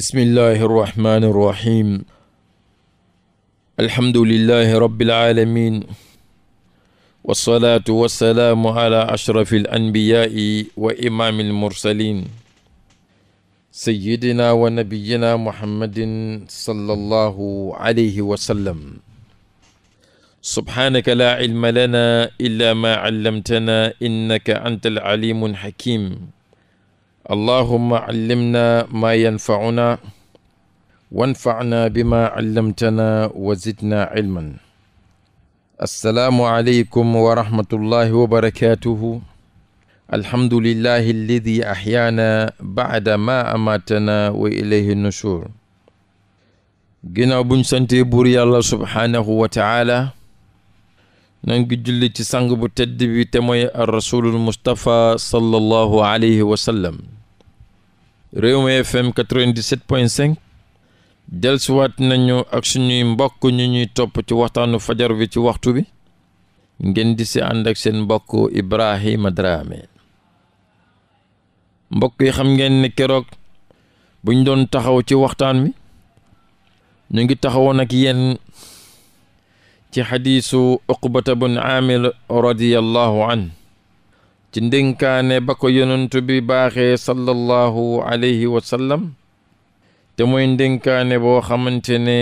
bismillahi irrahmani irrahim alhamdulilahi rabiilalamin walsalaatu walsalaamu ala ashrafi alanbiyaai wa imaami almursalin sayidina wa nabiyina muhammadin sala allahu alayhi wa sallam subhaanaka laa cilma lana illa maa callamtana innaka anta alcalimu alxakim allahuma callimna maa yanfacunaa wanfacnaa bimaa callamtanaa wa zidnaa cilman assalaamu aleykum wa rahmatullahi wa barakaatuhu alhamdulillahi alladi axyaana bacda maa amaatanaa wa ilayhi nushur ginnaaw buñ santee buur yàlla subhaanahu wa taala nan ngi julli ci sang bu tedd bi te mooy ar rasulul mustapha sallallahu alayhi wa sallam réew Rewmi FM 97.5 dellusiwaat nañu ak suñuy mbokk ñu ñuy topp ci waxtaanu fajar bi ci waxtu bi ngeen di si ànd ak seen mbokk Ibrahima Dramé mbokk yi xam ngeen ne keroog buñ doon taxaw ci waxtaan wi ñu ngi taxawoon ak yéen ci xadiisu Uqbata bun Aamir radiyallahu an ci ndénkaane ba ko yonentu bi baaxee sallallahu alayhi wa sallam te mooy ndénkaane boo xamante ne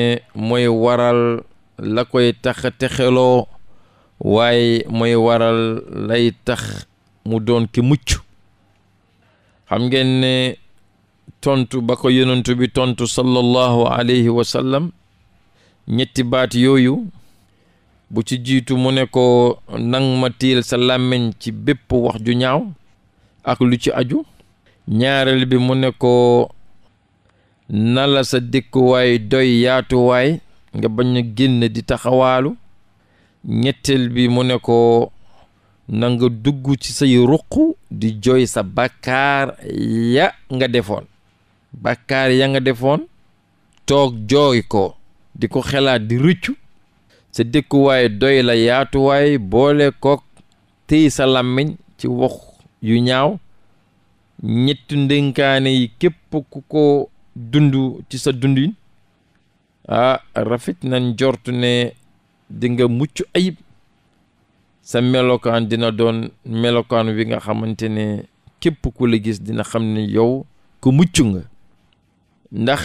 mooy waral la koy tax texeloo waaye mooy waral lay tax mu doon ki mucc xam ngeen ne tontu ba ko bi tontu sallallahu alayhi wa sallam ñetti baat yooyu bu ci jiitu mu ne ko nang ma tiil sa làmmiñ ci bépp wax ju ñaaw ak lu ci aju ñaareel bi mu ne ko na sa dëkkuwaay doy yaatuwaay nga bañ a génn di taxawaalu ñetteel bi mu ne ko na nga dugg ci say ruq di jooy sa bakkaar ya nga defoon bakkaar ya nga defoon toog jooy ko di ko xelaat di rëccu sa dëkkuwaay doy la yaatuwaay boole kook tëy sa làmmiñ ci wax yu ñaaw ñetti ndénkaane yi képp ku ko dund ci sa dundin ah rafet nañ jortu ne dinga mucc ayib sa melokaan dina doon melokaan wi nga xamante ne képp ku la gis dina xam ne yow ku mucc nga ndax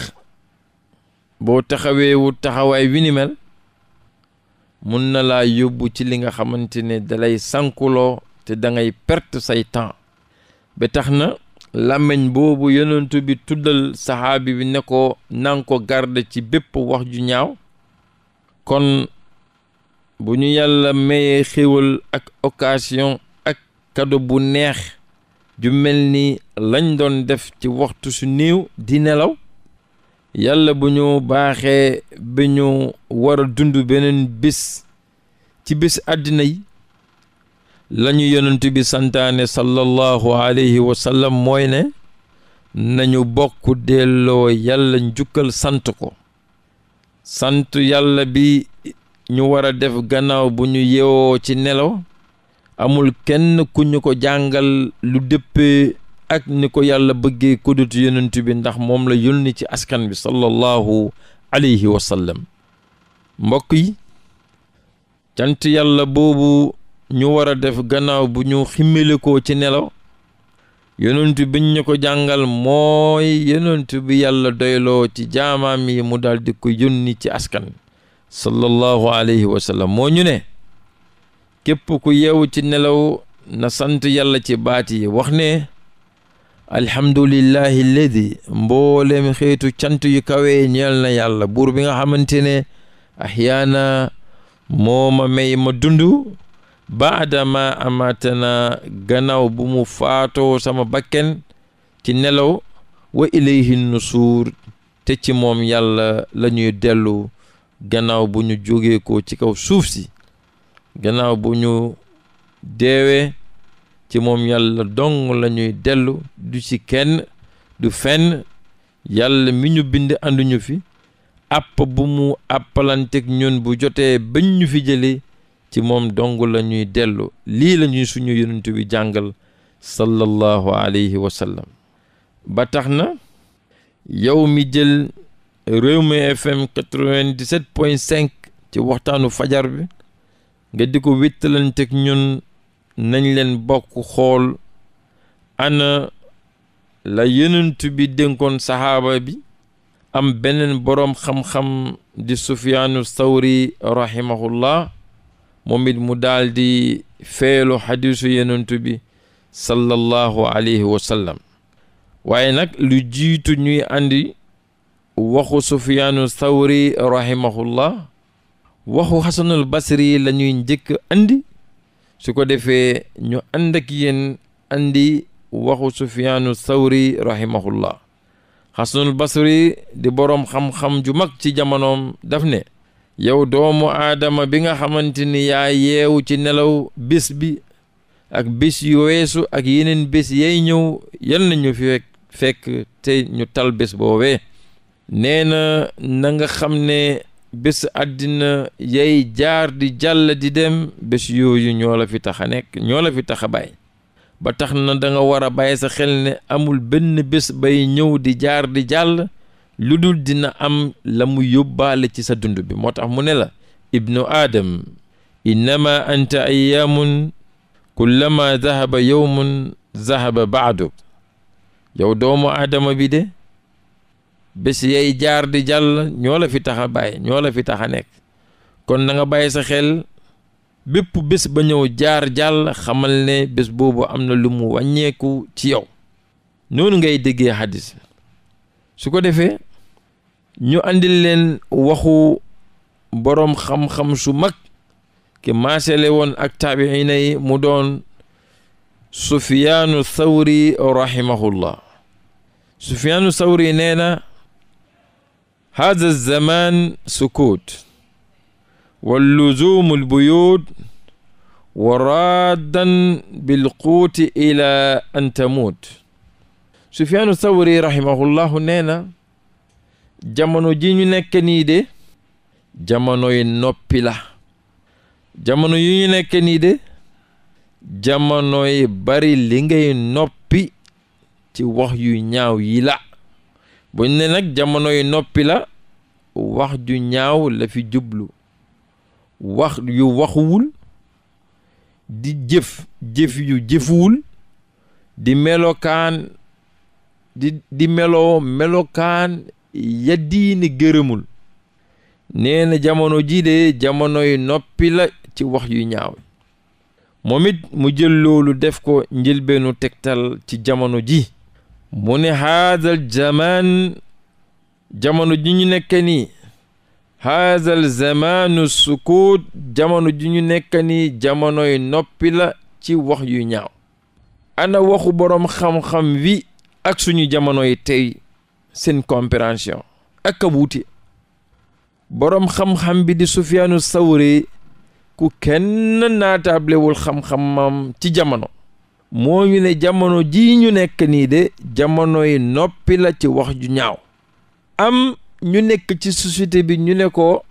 boo taxawee wu taxawaay wi mun na laa yóbbu ci li nga xamante ne dalay sankuloo te da ngay perte say temps ba tax na làmmiñ boobu yonentu bi tuddal saxaabi bi ne ko nan ko garde ci bépp wax ju ñaaw kon bu ñu yàlla mayee xéwal ak okasiyon ak kado bu neex ju mel ni lañ doon def ci waxtu su niiw di nelaw yàlla bu ñu baaxee bi ñu war a dund beneen bis ci bis àddina yi lañu ñu bi santaane sallallahu alayhi wa sallam mooy ne nañu bokk delloo yàlla njukkal sant ko sant yàlla bi ñu wara def gannaaw bu ñu yewoo ci nelaw amul kenn ku ñu ko jàngal lu dëppee ak ni ko yàlla bëggee kudut yonent bi ndax moom la yónni ci askan bi sallallahu alayhi wa sallam mbokk yi cant yàlla boobu ñu war a def gannaaw bu ñu ximmelikoo ci nelaw yonent bi ñu ko jàngal mooy yonent bi yàlla doyloo ci jaamaam yi mu daldi ko yónni ci askan sallallahu alayhi wa moo ñu ne képp ku yeewu ci nelaw na sant yàlla ci baat wax ne alhamdulillahi ledi mboolem xeetu cant yu kawe ñeel na yàlla buur bi nga xamante ne ahyaana moo ma may ma dund baadama amatana gannaaw bu mu faatoo sama bakken ci nelaw wa ilayhi nusuur te ci moom yàlla lañuy ñuy dellu gannaaw bu ñu jógee ko ci kaw suuf si bu ñu deewee ci moom yàlla dong la ñuy dellu du ci kenn du fenn yàlla mi ñu bind ànduñu fi àpp bu mu àppalanteeg ñun bu jotee bañ ñu fi jëlee ci moom dong la ñuy dellu lii la ñuy suñu yonent jàngal sallallahu alayhi wa ba tax na yow mi jël Rewmi FM 97.5 ci waxtaanu fajar bi nga di ko wéttalanteeg ñun nañ leen bokk xool ana la yenent bi dénkoon saxaaba bi am beneen boroom xam-xam di sufiyaanu sawri rahimahullah moom it mu daal di feelu xadiisu yenent bi sallallahu alayhi wa waaye nag lu jiitu ñuy andi waxu sufiyaanu sawri rahimahullah waxu xasanul basri la ñuy njëkk andi su ko defee ñu ànd ak yéen andi waxu sufiyaanu sawri rahimahullah xasanul basri di boroom xam-xam ju mag ci jamonoom daf ne yow doomu aadama bi nga xamante ni yaa yeewu ci nelaw bés bi ak bés yu weesu ak yeneen bés yay ñëw yan nañu fi fekk te ñu tal bés boobee nee na na xam ne bés àddina yay jaar di jàll di dem bés yooyu ñoo fi tax a nekk ñoola fi tax a bàyyi ba tax na danga war a bàyyi sa xel ne amul benn bés bay ñëw di jaar di jàll lu dul dina am la mu yóbbaale ci sa dund bi moo tax mu ne la ibnu aadam innama anta ayyaamun kullama zahaba yowmun zahaba baaduk yow doomu aadama bi de bés yay jaar di jàll ñoo la fi tax ñoo la fi tax a nekk kon nanga nga sa xel bépp bés ba ñëw jaar jàll xamal ne bés boobu am na lu mu wàññeeku ci yow noonu ngay déggee xadis su ko defee ñu andil leen waxu boroom xam-xam su mag ki maasele woon ak taabiina yi mu doon sufiyaanu thawri rahimahullah sufiyaanu thawri nee na haza zaman sukut walluzumu lbuyut wa raddan bilquuti ila an tamuut sufiyaanu sawri rahimahullahu nee na jamono ji ñu nekk nii de jamono noppi la jamono yi ñu nekk nii de jamono bari li ngay noppi ci wax yu ñaaw yi la buñ ne nag jamonoy noppi la wax ju ñaaw la fi jublu wax yu waxuwul di jëf jëf yu jëfuwul di melokaan di di meloo melokaan ya diini gërëmul nee na jamono ji de jamonoy noppi la ci wax yu ñaaw moom it mu jël loolu def ko njëlbeenu tegtal ci jamono ji mu ne haazal zamaan jamono ji ñu nekk ni haazal zamaanu sukuut jamono ji ñu nekk ni jamonoy noppi la ci wax yu ñaaw ana waxu borom xam-xam wi ak suñu yi tey seen compréhension ak a wuute boroom xam-xam bi di Sufyaanu Sawri ku kenn naataablewul xam mam ci jamono moo ñu ne jamono ji ñu nekk nii de jamono yi noppi la ci wax ju ñaaw am ñu nekk ci société bi ñu ne ko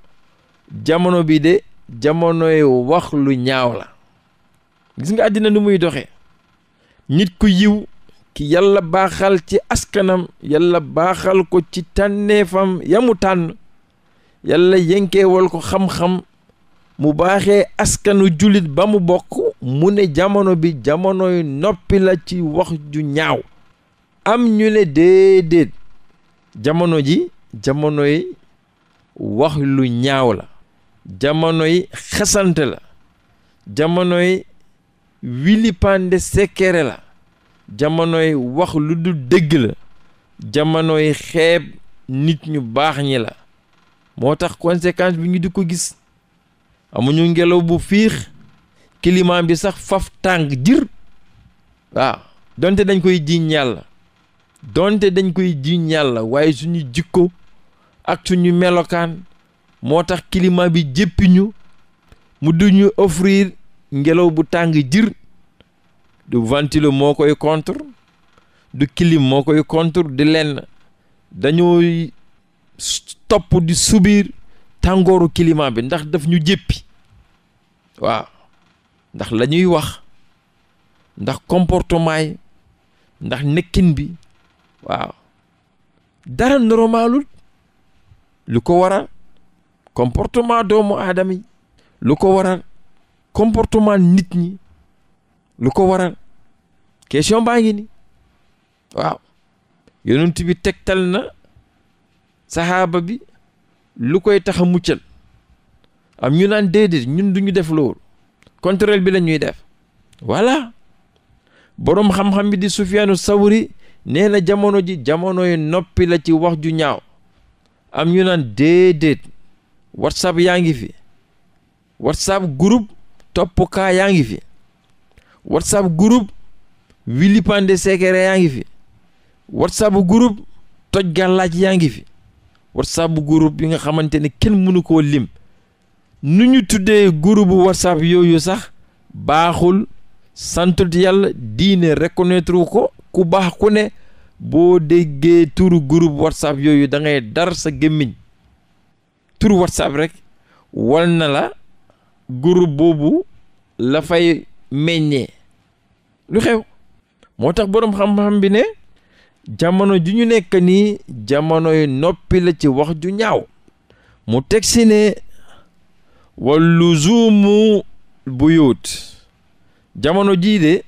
jamono bi de jamono wax lu ñaaw la gis nga àddina nu muy doxee nit ku yiw ki yàlla baaxal ci askanam yàlla baaxal ko ci tànneefam yamu tànn yàlla yenkeewal ko xam-xam mu baaxee askanu jullit ba mu bokk mu ne jamono bi jamonoy noppi la ci wax ju ñaaw am ñu ne déedéet jamono ji jamonoy wax lu ñaaw la jamonoy xesante la jamonoy wilipande sekere la jamonoy wax lu du dëgg la jamonoy xeeb nit ñu baax ñi la moo tax conséquence bi ñu di ko gis amuñu ngelaw bu fiix climat bi sax faf tàng jir waaw donte dañ koy jiiñ yàlla donte dañ koy jiiñ yàlla waaye suñu jikko ak suñu melokaan moo tax climat bi ñu mu duñu offrir ngelaw bu tàng jir du ventilo moo koy contre du clim moo koy contre di lenn dañoo topp di subir tàngooru climat bi ndax daf ñu jéppi waaw ndax la wax ndax comportement yi ndax nekkin bi waaw dara normalul lu ko waral comportement doomu aadama yi lu ko waral comportement nit ñi lu ko waral question baa ngi ni waaw yonent bi tegtal na saxaaba bi lu koy tax a am ñu naan déedéet ñun duñu def loolu contrôle bi la ñuy def voilà boroom xam-xam bi di Sufyaanu Sawri nee na jamono ji jamonoy noppi la ci wax ju ñaaw am ñu naan déedéet whatsapp yaa ngi fi whatsapp groupe toppkaa yaa ngi fi whatsapp groupe wilipande sekere yaa ngi fi whatsapp gurup toj gàllaaj yaa ngi fi whatsapp bu groupe bi nga xamante ni kenn mënu koo lim nu ñu tuddee groupe bu whatsapp yooyu sax baaxul santul yàlla diine reconnaître ko ku baax ku ne boo déggee turu groupe whatsapp yooyu dangay dar sa gémmiñ turu whatsapp rekk wal na la groupe boobu la fay meññee lu xew moo tax boroom xam-xam bi ne jamono ju ñu nekk nii jamonoy noppi la ci wax ju ñaaw mu teg si ne walluzuumu buyut jamono jii de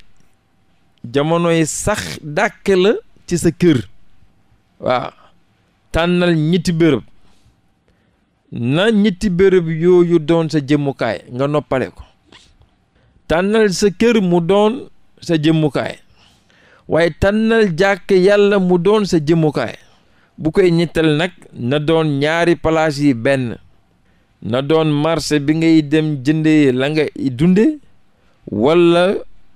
jamonoy sax dàkk la ci sa kër waaw tànnal ñetti bërëb na ñetti bërëb yooyu doon sa jëmmukaay nga noppale ko tànnal sa kër mu doon sa jëmmukaay waaye tànnal jàkk yàlla mu doon sa jëmukaay bu koy ñettal nag na doon ñaari palaas yi benn na doon marché bi ngay dem jëndee la nga dunde walla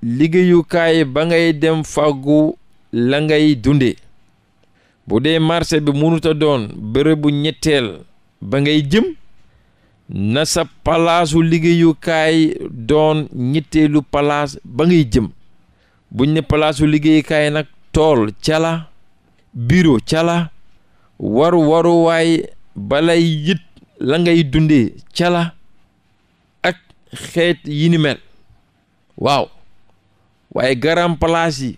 liggéeyukaay ba ngay dem fàggu la ngay dunde bu dee marché bi mënuta doon bërëbu ñetteel ba ngay jëm na sa palaasu liggéeyukaay doon ñetteelu palaas ba ngay jëm buñ ne palaasu liggéeykaay nag tool cala bureau cala waru waruwaay balay yit la ngay dundee cala ak xeet yi waaw waaye garam palaas yi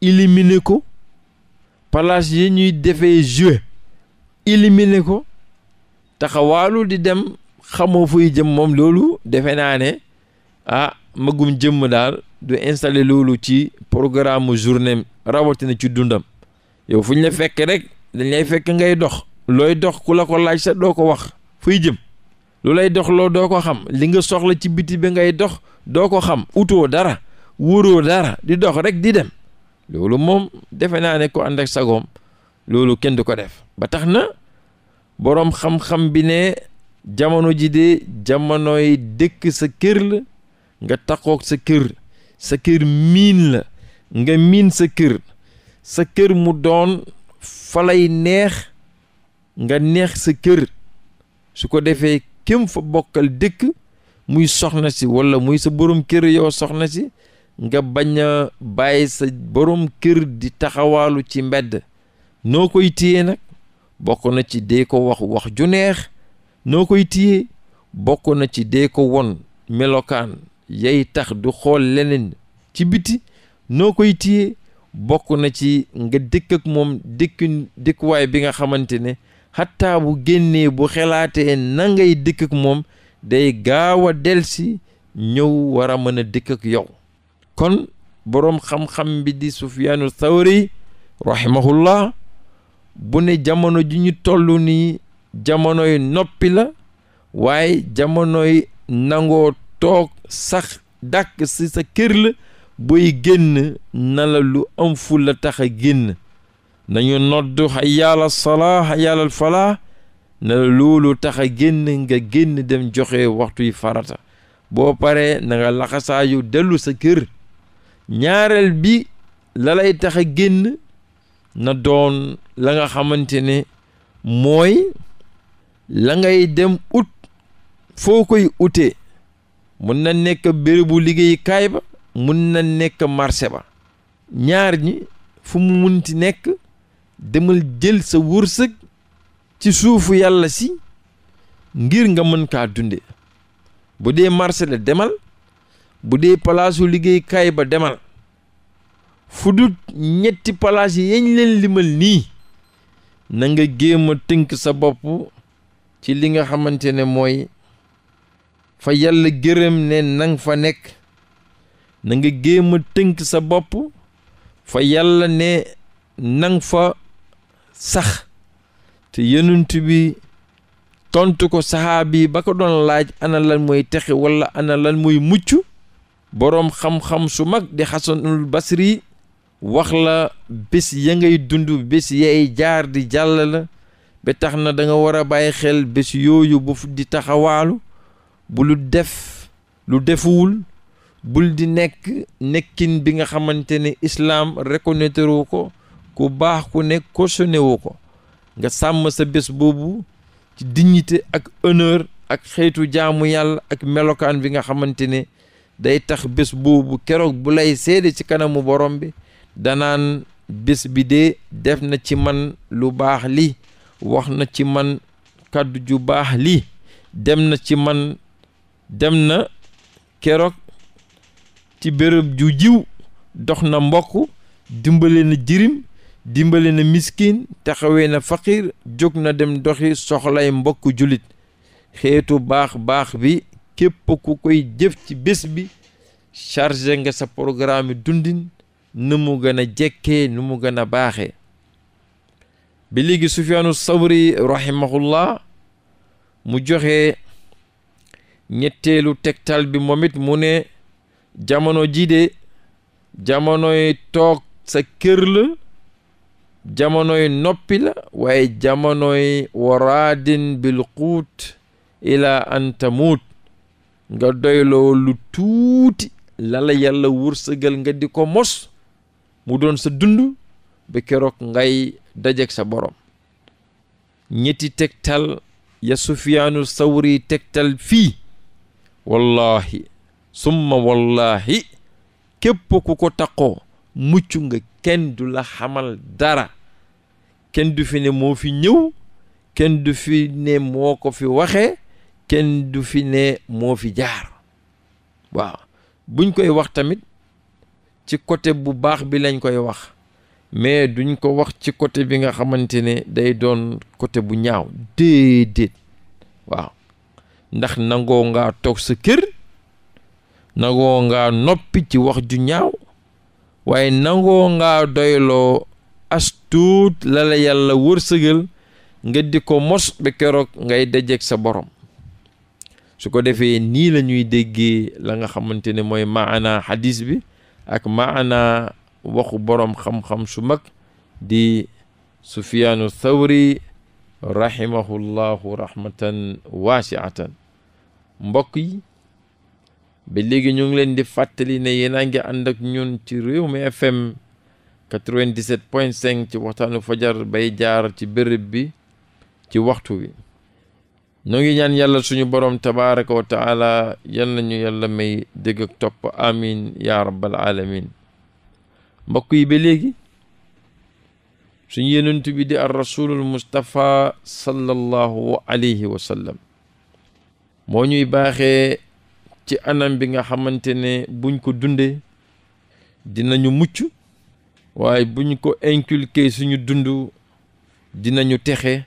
éliminer ko palaas yi ñuy defee jeu éliminer ko taxawaalu di dem xamoo fuy jëm moom loolu defe naa ne ah magum jëmm daal du installer loolu ci programme journée rawatina ci dundam yow fu ñu la fekk rek dañ lay fekk ngay dox looy dox ku la ko laaj sa doo ko wax fuy jëm lu lay dox loo doo ko xam li nga soxla ci biti bi ngay dox doo ko xam utoo dara wóoroo dara di dox rek di dem loolu moom defe naa ne ko ànd ak sagoom loolu kenn du ko def ba tax na boroom xam-xam bi ne jamono ji de jamonoy dëkk sa kër la nga takkook sa kër sa kër miin la nga miin sa kër sa kër mu doon falay neex nga neex sa kër su ko defee kem fa bokkal dëkk muy soxna si walla muy sa borom kër yow soxna si nga bañ a bàyyi sa borom kër di taxawaalu ci mbedd noo koy téye nag bokk na ci dee ko wax wax ju neex noo koy téye bokk na ci dee ko won melokaan yay tax du xool leneen ci biti noo koy téye bokk na ci nga dëkk ak moom dëkkin bi nga xamante ne xattaa bu génnee bu xelaatee nangay ngay ak moom day gaaw a delsi ñëw war a mën a dëkk ak yow kon boroom xam-xam bi di Sufyaanu Thawri rahimahullah bu ne jamono ji ñu toll nii jamonoy noppi la waaye jamonoy nangoo toog sax dàkk ci sa kër la buy génn na la lu am fu la tax a génn nañu nodd yàlla salaa yàlla falaa na la loolu tax a génn nga génn dem joxe waxtu yi farata boo paree na laxasaayu dellu sa kër ñaareel bi la lay tax a génn na doon la nga xamante ne mooy la ngay dem ut foo koy utee mun na nekk bérébu liggéeyukaay ba mun na nekk marché ba ñaar ñi fu mu munti nekk demal jël sa wërsëg ci suufu yàlla si ngir nga mën kaa dunde bu dee marché la demal bu dee palaasu liggéeyukaay ba demal fu dut ñetti palaas yi leen limal nii na nga géem a tënk sa bopp ci li nga xamante ne mooy fa yàlla gërëm ne nang fa nekk na nga géem a tënk sa bopp fa yàlla ne nang fa sax te yenent bi tontu ko saxaabi ba ko doon laaj ana lan mooy texe wala ana lan mooy mucc boroom xam-xam su mag di xasanul basri wax la bés ya ngay dund bés yay jaar di jàll la ba tax na danga war a bàyyi xel bés yooyu bu di taxawaalu bul def lu defuwul bul di nekk nekkin bi nga xamante ne islaam reconnaître ko ku baax ku ne cautionné wu ko nga sàmm sa bés boobu ci dignité ak honneur ak xeetu jaamu yàlla ak melokaan bi nga xamante ne day tax bés boobu keroog bu lay seede ci kanamu borom bi danaan bés bi dee def na ci man lu baax li wax na ci man kàddu ju baax li dem na ci man dem na keroog ci bërëb ju jiw dox na mbokk dimbali na jirim dimbali na miskin taxawee na faqir jóg na dem doxi soxlay mbokk jullit xeetu baax baax bi képp ku koy jëf ci bés bi chargé nga sa programme dundin nu mu gën jekkee nu mu gën a baaxee bi léegi Sufyaanu Sawri rahimahullah mu joxe ñetteelu tegtal bi moom mu ne jamono ji de jamonoy toog sa kër la jamonoy noppi waaye jamonoy waraadin bil quut ila anta tamuut nga doyloo lu tuuti lala yàlla wërsëgal nga di ko mos mu doon sa dund ba keroog ngay dajeg sa borom ñetti tegtal ya sufiyaanu sawri tegtal fii wallaahi summa wallaahi képp ku ko taqoo mucc nga kenn du la xamal dara kenn du fi ne moo fi ñëw kenn du fi ne moo ko fi waxee kenn du fi ne moo fi jaar waaw buñ koy wax tamit ci côté bu baax bi lañ koy wax mais duñ ko wax ci côté bi nga xamante ne day doon côté bu ñaaw déedéet waaw ndax nangoo nga toog sa kër nangoo nga noppi ci wax ju ñaaw waaye nangoo nga doyloo astuut lala la yàlla wërsëgal nga di ko mos ba keroog ngay dajeeg sa borom su ko defee nii lañuy ñuy déggee la nga xamante ne mooy maana xadis bi ak maana waxu boroom xam-xam su mag di Sufyaanu Thawri rahimahullahu rahmatan waasiatan mbokk yi ba léegi ñu ngi leen di fàttali ne yéen a ngi ànd ak ñun ci réew Rewmi FM 97.5 ci waxtaanu fajar bay jaar ci bërëb bi ci waxtu wi ñoo ngi ñaan yàlla suñu boroom tabaraka wa yan lañu nañu yàlla may dégg ak topp amin ya rabbal alamin mbokk yi ba léegi suñu yenent bi di ar rasulul mustapha sallallahu alayhi moo ñuy baaxee ci anam bi nga xamante ne buñ ko dundee dinañu mucc waaye buñ ko inculquer suñu dund dinañu texe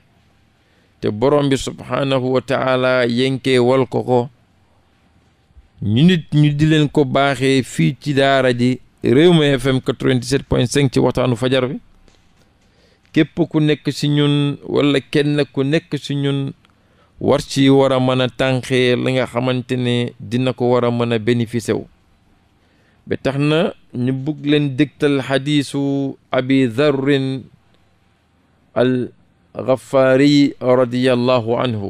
te borom bi subhaanahu wa yenkee wal ko ko ñu nit ñu di leen ko baaxee fii ci daara ji Rewmi FM 97.5 ci waxtaanu fajar bi képp ku nekk ci ñun walla kenn ku nekk ci ñun war ci war a mën a tànqee li nga xamante ne dina ko war a mën a bénéficier wu tax na ñu bugg leen dégtal xadiisu abi dharrin al ghafaari radiyallahu anhu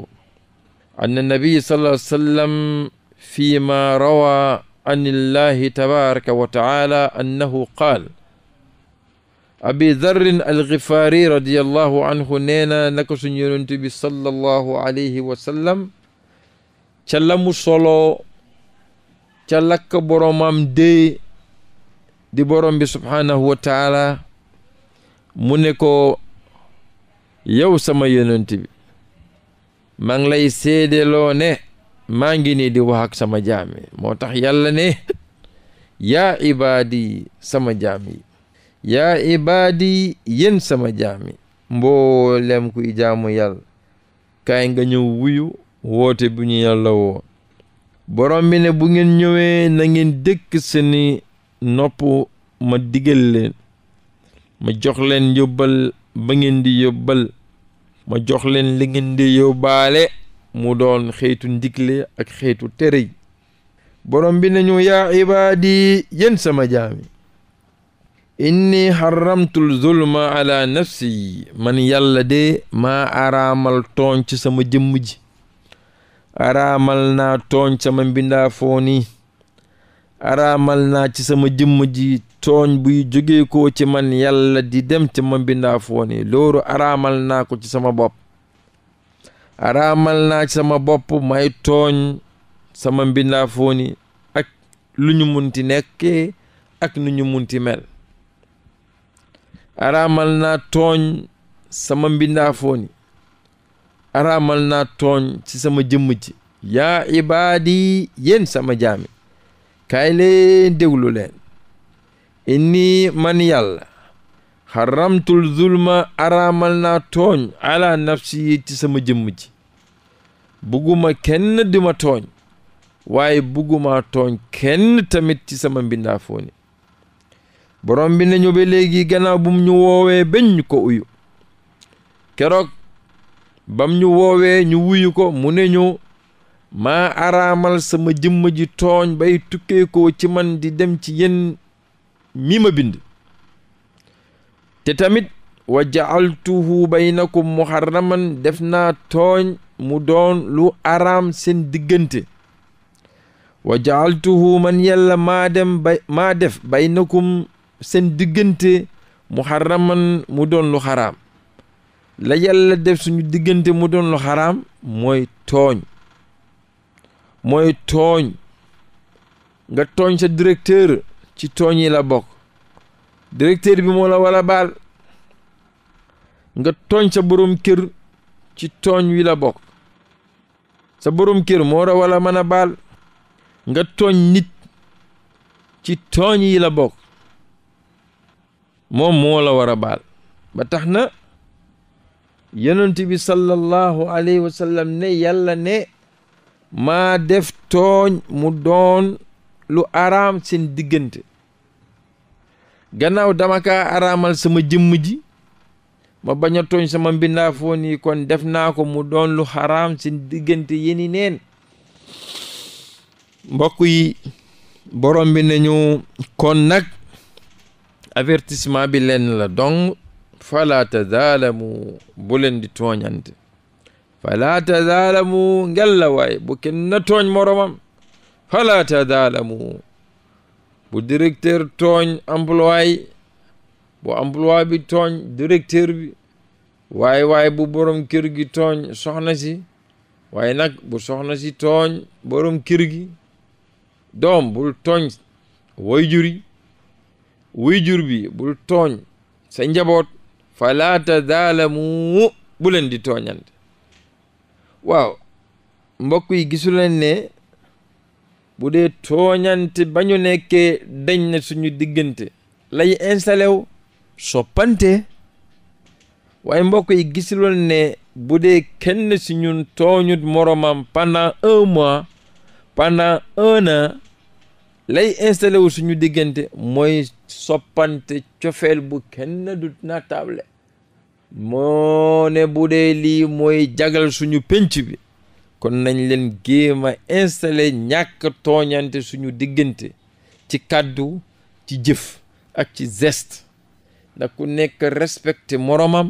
anna nabi sallallahu alayhi wa sallam fi ma rawa an illahi tabaraka wa taala annahu qaal abi darrin alxifaari radiallahu anhu nee na naka suñu yonent bi sallallahu alayhi wa ca lamu mu soloo ca lakk boroomam dee di borom bi subhaanahu wa mu ne ko yow sama yonent bi maa ngi lay seedeloo ne maa ngi nii di wax ak sama jaam moo tax yàlla ne yaa ibaadi sama jaam yaa ibaadi yéen sama jaami mboolem kuy jaamu yàlla kaay nga ñëw wuyu woote bu ñu yàlla woo borom bi ne bu ngeen ñëwee nangeen dëkk seeni nopp ma digal leen ma jox leen yóbbal ba ngeen di yóbbal ma jox leen li ngeen di yóbbaale mu doon xeetu ndigle ak xeetu tere yi borom bi nañu yaa ibaadi yéen sama jaami inni haramtul zulma ala nafsi man yàlla de maa araamal tooñ ci sama jëmm ji araamal naa tooñ sama mbindaa fooni araamal naa ci sama jëmm ji tooñ buy jógee ko ci man yàlla di dem ci ma mbindaa fooni loolu araamal naa ko ci sama bopp araamal naa ci sama bopp may tooñ sama mbindaa fooni ak lu nekkee ak nu ñu munti mel araamal naa tooñ sama mbindaafooni araamal naa tooñ ci sama jëmm ji yaa ibaadi yéen sama jaami kaay leen déglu leen inni man yàlla xaramtul zulma araamal naa tooñ ala nafsi ci sama jëmm ji bugguma kenn di tooñ waaye bugguma tooñ kenn tamit ci sama mbindaafooni borom bi nañu ba léegi gannaaw bum ñu woowee bañ ko uyu keroog bam ñu woowee ñu wuyu ko mu ne ñu maa araamal sama jëmm ji tooñ bay tukkee ko ci man di dem ci yéen mi bind te tamit wa ja'altuhu baynakum muharraman def naa tooñ mu doon lu araam seen diggante wa ja'altuhu man yàlla maa dem maa def baynakum seen diggante mu mu doon lu xaraam la yàlla def suñu diggante mu doon lu xaraam mooy tooñ mooy tooñ nga tooñ sa directeur ci tooñ yi la bokk directeur bi moo la war a baal nga tooñ sa borom ci tooñ wi la bokk sa borom kër moo la war a mën a baal nga tooñ nit ci tooñ yi la bokk moom moo la war a baal ba tax na yonent bi sallallahu alayhi wa ne yàlla ne maa def tooñ mu doon lu araam seen diggante gannaaw dama kaa araamal sama jëmm ji ma bañ a tooñ sama mbindaafoon yi kon def naa ko mu doon lu xaraam seen diggante yéni neen mbokk yi borom bi nañu kon nag avertissement bi leen la dong fala tazaalamu bu leen di tooñante fala tazaalamu ngella waay bu kenn na tooñ moromam fala tazaalamu bu directeur tooñ employé bu employé bi tooñ directeur bi waaye waaye bu borom kër tooñ soxna si waaye nag bu soxna si tooñ borom kër gi doom bul tooñ way jur bi bul tooñ sa njaboot falaata tazaalamu bu leen di tooñante waaw mbokk yi gisuleen ne bu dee tooñante ba ñu nekkee suñu diggante lay installé wu soppante waaye mbokk yi gisuleen ne bu dee kenn si ñun tooñut moromam pendant un mois pendant lay installé wu suñu diggante mooy soppante cofeel bu kenn du naataable moo ne bu dee lii mooy jagal suñu penc bi kon nañ leen géema installé ñàkk tooñante suñu diggante ci kàddu ci jëf ak ci geste na ku nekk respecté moromam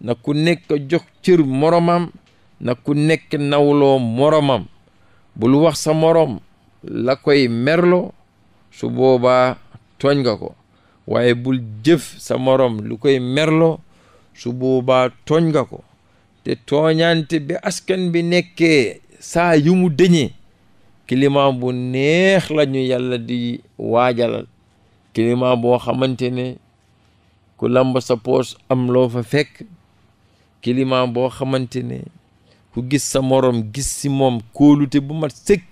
na ku nekk jox cër moromam na ku nekk nawloo moromam bul wax sa morom la koy merlo su booba tooñ nga ko waaye bul jëf sa morom lu koy merloo su boobaa tooñ nga ko te tooñaante bi askan bi nekkee saa yu mu dëñee climat bu neex lañu ñu yàlla di waajalal climat boo xamante ne ku làmb sa poos am loo fa fekk climat boo xamante ne ku gis sa morom gis si moom kóolute bu mat sëkk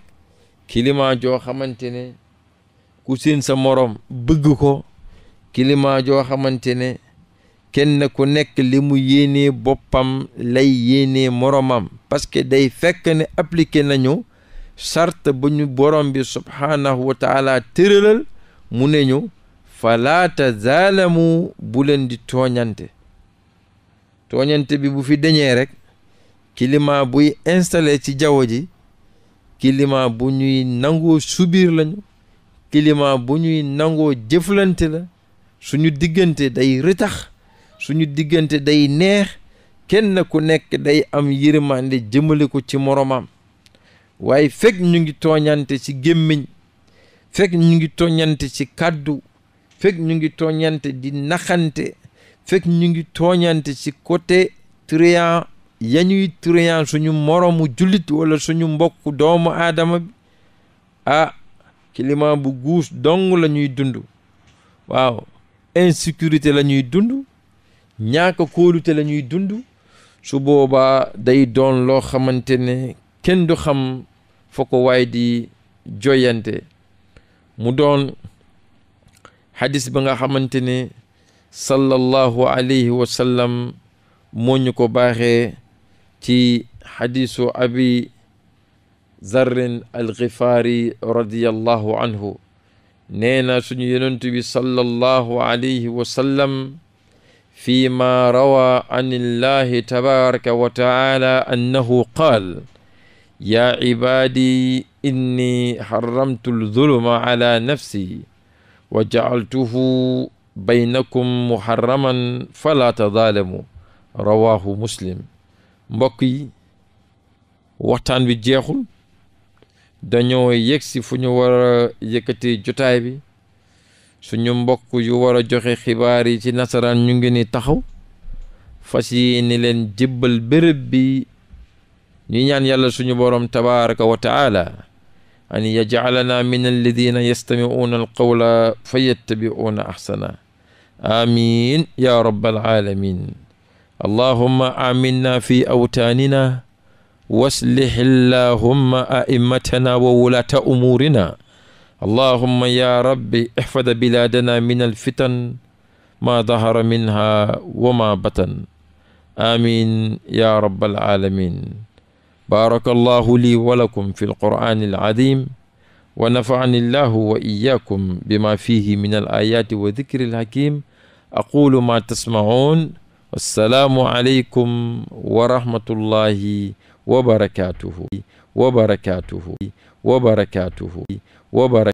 climat joo xamante ne ku seen sa moroom bëgg ko kilima joo xamante ne kenn ku nekk li mu yéenee boppam lay yéene moroomam parce que day fekk ne appliqué nañu sart bu ñu borom bi subhaanahu wa mu ne ñu fa laata bu leen di tooñante tooñante bi bu fi deñee rekk climat buy installé ci jaww ji climat bu ñuy nangoo subir lañu climat bu ñuy nangoo jëflante la suñu diggante day rëtax suñu diggante day neex kenn ku nekk day am yërmande jëmale ko ci moroomam waaye fekk ñu ngi tooñante ci gémmiñ fekk ñu ngi tooñante ci kàddu fekk ñu ngi tooñante di naxante fekk ñu ngi tooñante ci côté trian ya ñuy trian suñu moroomu jullit wala suñu mbokk doomu aadama bi ah climat bu guus dong lañuy dund waaw insécurité lañuy dund ñaaka kóolute lañuy dund su boobaa day doon loo xamante ne kenn du xam foo ko waay di joyante mu doon xadis ba nga xamante ne sallallahu alayhi wa moo ñu ko baaxee ci xadisu abi zarrin alxifaari radiallahu anhu nee na suñu yonent bi sallallahu alayhi wa sallam fi ma rawa an illahi tabaraka wa taala annahu qaal yaa cibaadi inni xaramtu lzuluma ala nafsi wa jacaltuhu baynakum muharraman fala tadaalamu rawahu muslim mbokk yi waxtaan bi jeexul dañoo yegg si fu ñu war jotaay bi suñu mbokk yu war a joxe xibaar yi ci nasaraan ñu ngi ni taxaw fas yi ni leen jébbal bërëb bi ñu ñaan yàlla suñu boroom tabaraka wa taala an yajcalana min alladina yastamicuuna alqawla fa yattabicuuna axsana amin ya rabbal alamin aminna fi awtaanina waslih allahumma a'immatana wa wulata umuurina allahumma ya rabbi ihfad bilaadana min alfitan ma dahara minha wa ma batan amin ya rabbal alamin baaraka allahu lii wa lakum fi alqur'ani alazim wa nafa'ani allahu wa iyyakum bima fihi min alayati wa dhikri alhakim aqulu ma tasma'un wassalaamu alaykum wa rahmatullahi wa barakatuhu wa barakatuhu wa barakatuhu wa